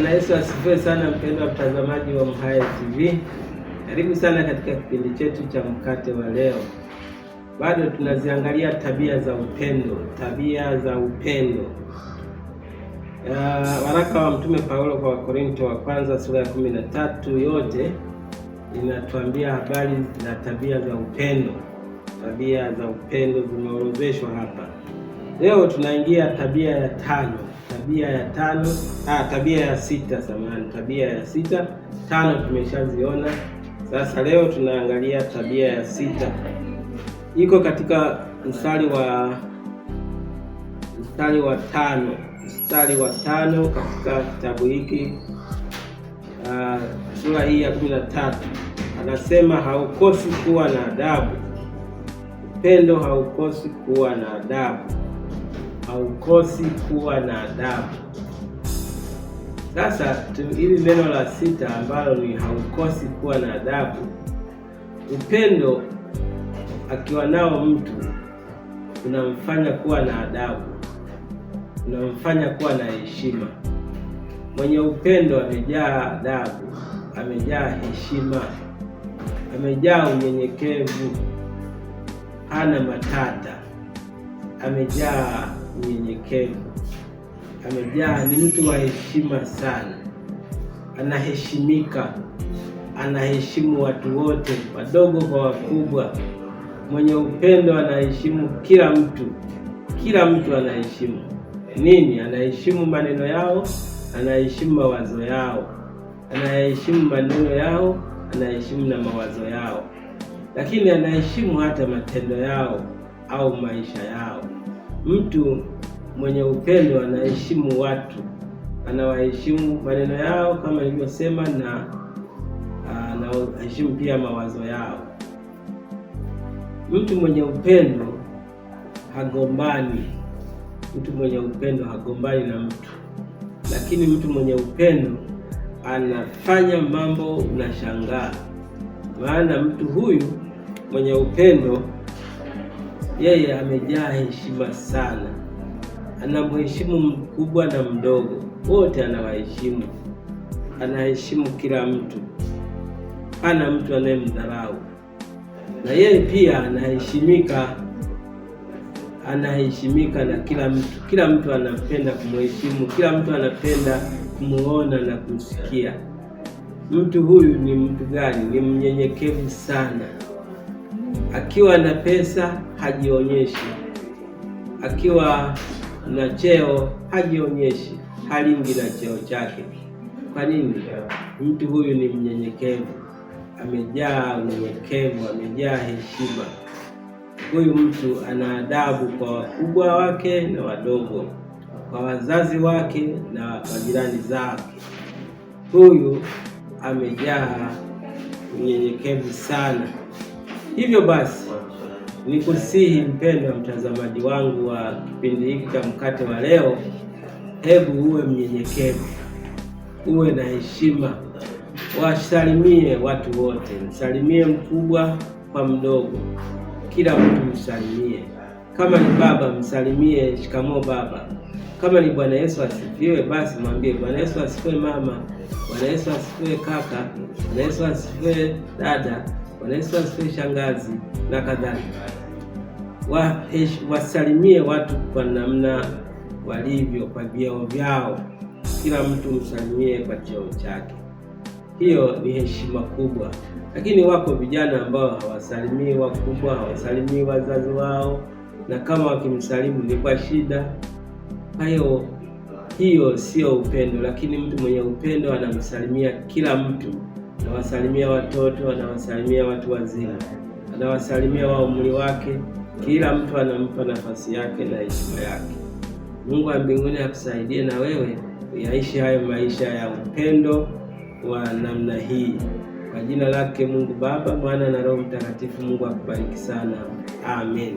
Bwana Yesu asifiwe sana, mpendwa mtazamaji wa MHAE TV, karibu sana katika kipindi chetu cha mkate wa leo. Bado tunaziangalia tabia za upendo, tabia za upendo. Waraka wa Mtume Paulo kwa Wakorinto wa kwanza sura ya kumi na tatu yote inatuambia habari za tabia za upendo. Tabia za upendo zimeorodheshwa hapa. Leo tunaingia tabia ya tano tabia ya tano ah, tabia ya sita samahani, tabia ya sita. Tano tumeshaziona, sasa leo tunaangalia tabia ya sita, iko katika mstari wa mstari wa tano, mstari wa tano katika kitabu hiki ah, sura hii ya kumi na tatu. Anasema haukosi kuwa na adabu, upendo haukosi kuwa na adabu haukosi kuwa na adabu. Sasa hili neno la sita ambalo ni haukosi kuwa na adabu, upendo akiwa nao mtu unamfanya kuwa na adabu, unamfanya kuwa na heshima. Mwenye upendo amejaa adabu, amejaa heshima, amejaa unyenyekevu, hana matata, amejaa unyenyekevu, amejaa, ni mtu wa heshima sana, anaheshimika, anaheshimu watu wote, wadogo kwa wakubwa, mwenye upendo, anaheshimu kila mtu, kila mtu anaheshimu nini? Anaheshimu maneno yao, anaheshimu mawazo yao, anaheshimu maneno yao, anaheshimu na mawazo yao, lakini anaheshimu hata matendo yao au maisha yao. Mtu mwenye upendo anaheshimu watu, anawaheshimu maneno yao kama ilivyosema na ah, anaheshimu pia mawazo yao. Mtu mwenye upendo hagombani, mtu mwenye upendo hagombani na mtu, lakini mtu mwenye upendo anafanya mambo unashangaa, maana mtu huyu mwenye upendo yeye amejaa heshima sana, anamheshimu mkubwa na mdogo, wote anawaheshimu, anaheshimu kila mtu, hana mtu anayemdharau, na yeye pia anaheshimika, anaheshimika na kila mtu. Kila mtu anapenda kumheshimu, kila mtu anapenda kumuona na kumsikia. Mtu huyu ni mtu gani? Ni mnyenyekevu sana. Akiwa na pesa hajionyeshi, akiwa na cheo hajionyeshi, halingi na cheo chake. Kwa nini? Mtu huyu ni mnyenyekevu, amejaa unyenyekevu, amejaa heshima. Huyu mtu ana adabu kwa wakubwa wake na wadogo, kwa wazazi wake na majirani zake. Huyu amejaa unyenyekevu sana. Hivyo basi nikusihi mpendwa mtazamaji wangu wa kipindi hiki cha mkate wa leo, hebu uwe mnyenyekevu, uwe na heshima, wasalimie watu wote, msalimie mkubwa kwa mdogo, kila mtu msalimie. Kama ni baba msalimie shikamoo baba. Kama ni Bwana Yesu asifiwe, basi mwambie Bwana Yesu asifiwe mama, Bwana Yesu asifiwe kaka, Bwana Yesu asifiwe dada. Bwana Yesu shangazi na kadhalika, eh, wasalimie watu kwa namna walivyo, kwa vyeo vyao. Kila mtu msalimie kwa cheo chake. Hiyo ni heshima kubwa, lakini wako vijana ambao hawasalimii wakubwa, hawasalimii wazazi wao, na kama wakimsalimu ni kwa shida. Kwa hiyo hiyo sio upendo, lakini mtu mwenye upendo anamsalimia kila mtu anawasalimia watoto, anawasalimia watu wazima, anawasalimia wa umri wake. Kila mtu anampa nafasi yake na heshima yake. Mungu wa mbinguni akusaidie na wewe uyaishi hayo maisha ya upendo wa namna hii. Kwa jina lake Mungu Baba, Mwana na Roho Mtakatifu, Mungu akubariki sana. Amen.